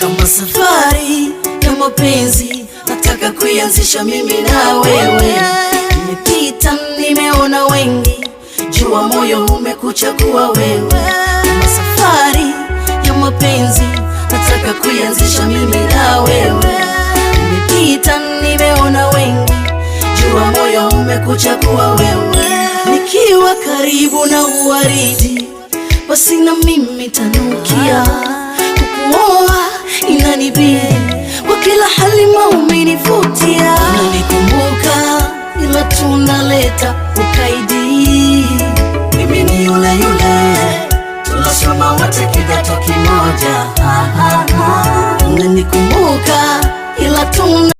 kama safari kama penzi, nataka kuianzisha mimi na wewe. Nimepita nimeona wengi, jua moyo umekuchagua wewe. Kama safari ya mapenzi, nataka kuianzisha mimi na wewe. Nimepita nimeona wengi, jua moyo umekuchagua wewe. Nikiwa karibu na uwaridi, basi na mimi tanua wote kidato kimoja, mnanikumbuka ila tuna